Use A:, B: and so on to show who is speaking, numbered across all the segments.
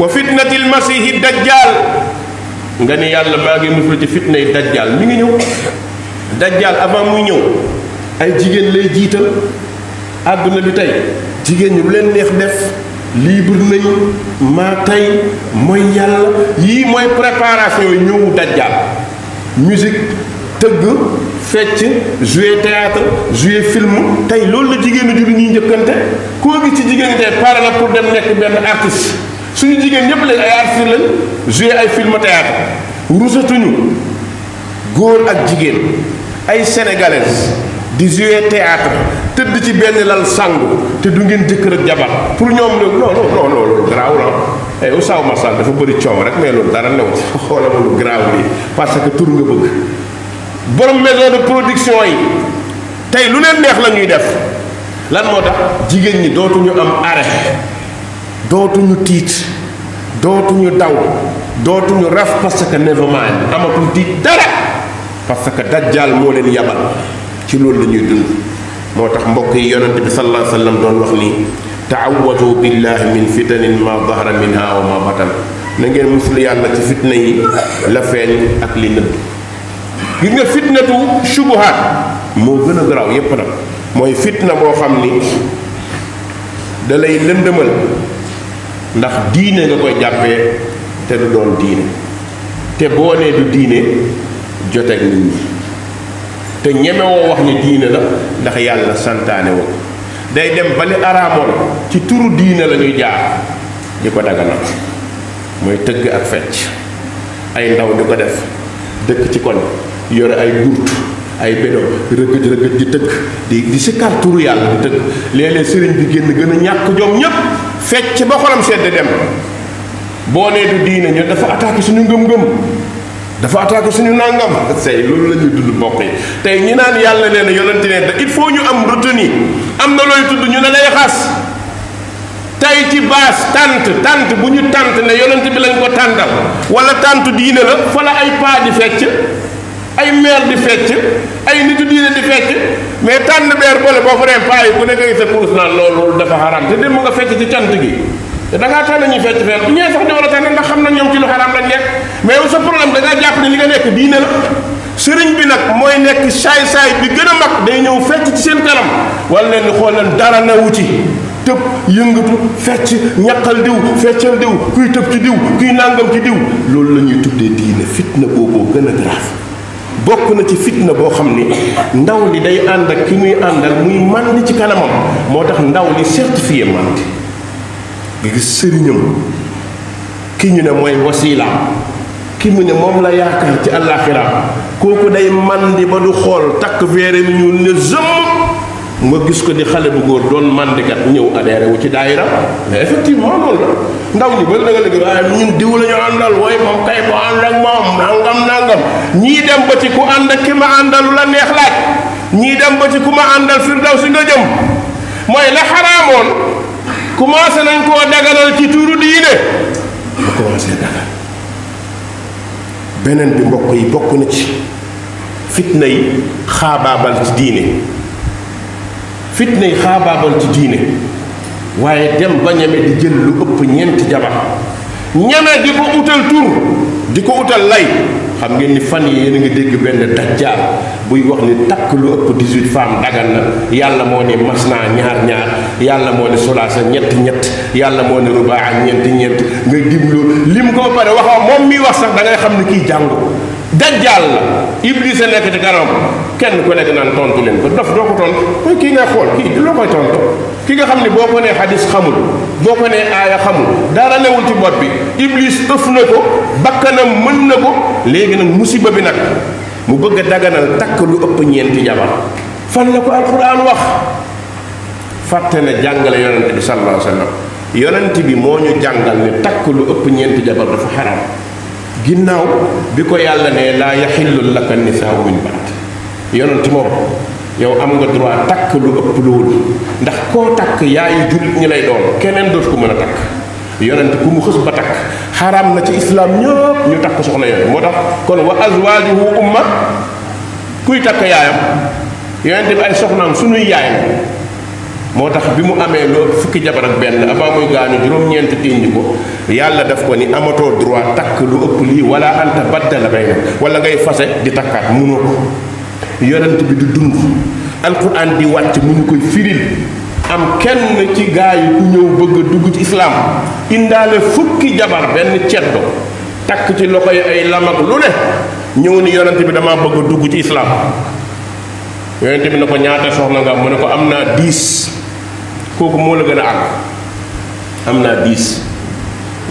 A: wa fitnati almasihi dajjal nga ni yàlla maa ngi muslu ci fitnay dajjal mi ngi ñëw dajjal avant muy ñëw ay jigéen lay jiital àdduna bi tey jigéen ñi lu leen neex def libre nañu maa tey mooy yàlla yii mooy préparation yi ñëwu dajjal musique tëgg fecc jouer théâtre jouer film tey loolu la jigéenu juri ñuy njëkkante koo gis ci jigéen tey pare na pour dem nekk benn artiste suñu jigéen ñëpp léegi ay artistes lañ joué ay film théâtre rusatuñu góor ak jigéen ay sénégalaises di joué théâtre tëdd ci benn lal sangu te du ngeen jëkkër ak jabar pour ñoom loolu non non non loolu garaaw ah. la eh Oustaz Oumar dafa bëri coow rek mais loolu dara new xoolal ma lu garaaw lii parce que tour nga bëgg borom maison production yi tey lu leen neex lañuy def lan moo tax jigéen ñi dootuñu am arrêt. dootuñu tiit dootuñu daw dootuñu raf parce que never mind amatul tiit dara parce que dajjaal moo leen yabal ci loolu la ñuy dund moo tax mbokk yi yonent bi sallallahu alayhi wa sallam doon wax nii taawatu billahi min fitanin ma dahara minha wa ma batan na ngeen musul yàlla ci fitna yi la feeñ ak li nëbb gis nga fitnatu shubuhaat moo gën a garaaw yépp nag mooy fitna boo xam ni da lay lëndëmal ndax diine nga koy jàppee te du doon diine te boo nee du diine joteeg nit ñi te ñemewoo wax ni diine la ndax yàlla santaane wo day dem ba li araamoon ci turu diine la ñuy jaar di ko daganal mooy tëgg ak fecc ay ndaw di ko def dëkk ci kon yore ay gurt ay bédo rëgëj rëgëj di tëgg di di sikkar turu yàlla di tëgg léeg-léeg sëriñ bi génn gën a ñàkk jom ñëpp fecc ba xolam sedd dem boo nee du diina ñu dafa attaqué suñu ngëm-ngëm dafa attaqué suñu nàngam say loolu la ñuy dund mbokk tey ñi naan yàlla nee na yonente nee da il faut ñu am retenue am na looy tudd ñu ne lay xas tey ci baas tant tant bu ñu tant ne yonent bi lañ ko tàntal wala tant diine la fa la ay paa di fecc ay meer di fecc ay nitu diine di fecc mais tànn beer boole boo fa dee paa yi ku nekk sa puus naan loolu dafa xaram te dem nga fecc ci cant gi te da ngaa na ñoom ci lu xaram lañ nekk jàpp ne li nga nekk diine la sëriñ bi nag mooy nekk saay-saay bi gën a mag day ñëw fecc ci seen kanam wala leen di xool leen dara newu ci tëb yëngatu fecc ñaqal diw feccal diw kuy tëb ci diw kuy nàngam ci diw loolu la ñuy tuddee diine fitna booboo gën a grave bokk na ci fitna boo xam ni ndaw li day ànd ak ki muy àndal muy màndi ci kanamam moo tax ndaw li certifié màndi gis sëriñam ki ñu ne mooy wasiilaam ki mu ne moom la yaakaar ci àllaaxiraam kooku day màndi ba du xool takk veere mi ñuul ne zëmm ma gis ko di xale bu góor doon mandikat ñëw adhéré wu ci daayira mais effectivement loolu la ndaw ñi ba da nga léegi waaye ñun diw la ñu àndal waaye moom kay bu ànd ak moom nangam nangam ñii dem ba ci ku ànd ak ki ma àndalu la neex laaj ñii dem ba ci ku ma àndal firdaw si nga jëm mooy la xaraamoon commencé nañ koo daganal ci tuuru diine ba commencé dagal beneen bi mbokk yi bokk na ci fitna yi xaabaabal ci diine fitna yi xaabaabal ci diine waaye dem ba ñeme di jël lu ëpp ñeenti jabar ñeme di ko utal tur di ko utal lay xam ngeen ni fan yi yéen a ngi dégg benn dajjaal buy wax ni takk lu ëpp 18 femmes dagan na yàlla moo ne mas naa ñaar ñaar yàlla moo ne sulaasa ñett ñett yàlla moo ne rubaa ñent ñeent nga dimlu lim ko pare waxoo moom miy wax sax da xam ne kii jàngu dajjaal la iblis a nekk ci garam kenn ku nekk naan tontu leen ko dof doo ko tontu mooy kii ngay xool kii loo koy tontu ki nga xam ne boo ko nee xadis xamul boo ko nee aaya xamul dara newul ci boot bi iblis ëf na ko bakkanam mën na ko léegi nag musiba bi nag mu bëgg a daganal takk lu ëpp ñeenti jabar fan la ko alquran wax fàtte na jàngale yonent bi sallallahu alayhi wa sallam yonent bi moo ñu jàngal ne takk lu ëpp ñeenti jabar dafa xaram ginnaaw bi ko yàlla ne laa yaxillu laka nisaaw min baat yonent moom yow am nga droit takk lu ëpp loolu ndax koo takk yaayu jullit ñi lay doon keneen dootu ko mën a takk yonent ku mu xës ba takk xaraam na ci islaam ñëpp ñu takk soxna yooyu moo tax kon wa azwaajuhu umma kuy takk yaayam yonent bi ay soxnaam suñuy yaayam moo tax bi mu amee loolu fukki jabar ak benn avant muy gaañu juróom-ñeent tiiñ ko yàlla def ko ni amatoo droit takk lu ëpp lii wala anta baddala bay na wala ngay fase di takkaat munoo ko yonent bi du dund alquran di wàcc mu ñu koy firil am kenn ci gaa yi ñëw bëgg dugg ci islaam indaale fukki jabar benn ceddo takk ci loxo yi ay lamak lu ne ñëw ni yonent bi dama bëgg dugg ci islaam yonent bi na ko ñaata soxna nga mu ne ko am naa diis kooku moo la gën a àgg am naa diis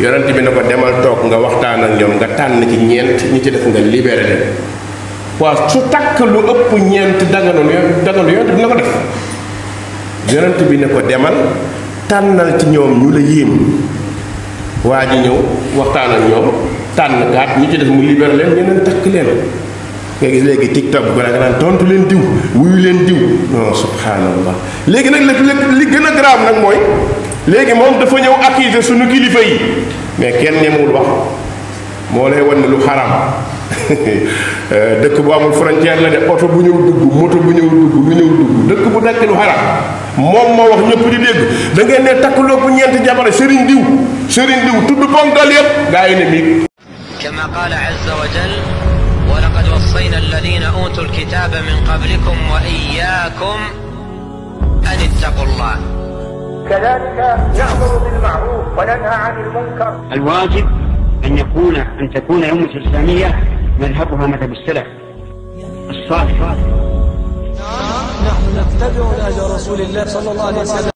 A: yonent bi na ko demal toog nga waxtaan ak ñoom nga tànn ci ñeent ñu ci def nga libéré leen waaw su takk lu ëpp ñeent danganoon yoon danganoon yonent bi na ko def yonent bi ne ko demal tànnal ci ñoom ñu la yéem waa ji ñëw waxtaan ak ñoom tànn kaat ñi ci def mu libéré leen ñeneen takk leen nga gis léegi tiktok bu ko nga naan tontu leen diw wuyu leen diw non subhanallah léegi nag lépp li gën a grave nag mooy léegi moom dafa ñëw accuser suñu kilifa yi mais kenn ñemewul wax moo lay wan ne lu xaram euh, dëkk bu amul frontière la de oto bu ñëw dugg moto bu ñëw dugg lu ñëw dugg dëkk bu nekk lu xaram moom moo wax ñëpp di dégg da ngeen ne takk loo ñeenti jabare sëriñ diw sëriñ diw tudd ponkal yëpp gaa yi ne miig kama qaala azza wa ولقد وصينا الذين أوتوا الكتاب من قبلكم وإياكم أن اتقوا الله كذلك نأمر بالمعروف وننهى عن المنكر الواجب أن يكون أن تكون أمة الإسلامية مذهبها مذهب السلف الصالح نحن نتبع الأجر رسول الله صلى الله عليه وسلم